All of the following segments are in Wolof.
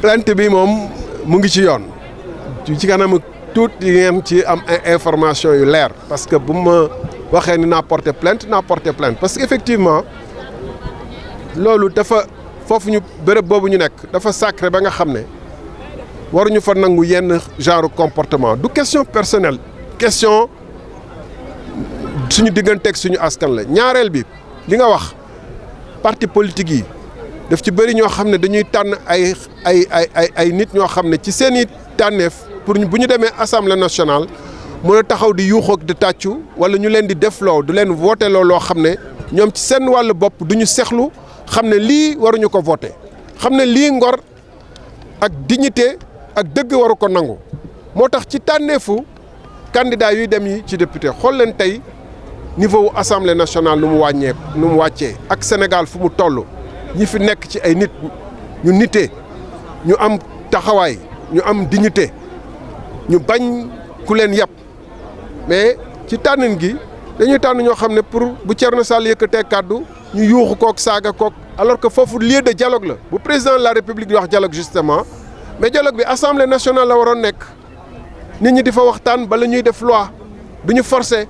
plante bi moom mu ngi ci yoon ci kanam tuuti ngeen ci am information yu leer parce que bu ma waxee ni naa porté plainte naa porté plainte parce que effectivement loolu dafa foofu ñu bërëb boobu ñu nekk dafa sacré ba nga xam ne waruñu fa nangu yenn genre comportement du question personnelle question suñu digganteeg suñu askan la ñaareel bi li nga wax parti politique yi daf ci bëri ñoo xam ne dañuy tànn ay ay ay ay ay nit ñoo xam ne ci seen i tànneef pour bu ñu demee assemblée national mën a taxaw di yuuxoog di tàccu wala ñu leen di def loo du leen voteloo loo xam ne ñoom ci seen wàllu bopp du ñu sexlu xam ne lii waruñu ko voté xam ne lii ngor ak diñute ak dëgg waru ko nangu moo tax ci tànneefu candidat yuy dem yi ci député xool leen tey niveau wu assemblée nationale nu mu wàññee nu mu wàccee ak Sénégal fu mu toll. ñi fi nekk ci ay nit ñu nite ñu am taxawaay ñu am dignité ñu bañ ku leen yàpp mais ci tànnin gi dañuy tànn ñoo xam ne pour bu Thierno Sall yëkkatee kàddu ñu yuuxu kook saaga kook alors que foofu lieu de dialogue la bu président de la république di wax dialogue justement mais dialogue bi assemblée nationale la waroon nekk nit ñi di fa waxtaan bala ñuy def loi du ñu forcer.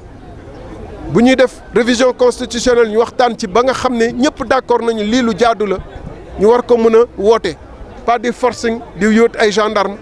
bu ñuy def révision constitutionnelle ñu waxtaan ci ba nga xam ne ñëpp d'accord nañu lii lu jaadu la ñu war ko mën a woote pas di forcing di yóot ay gendarme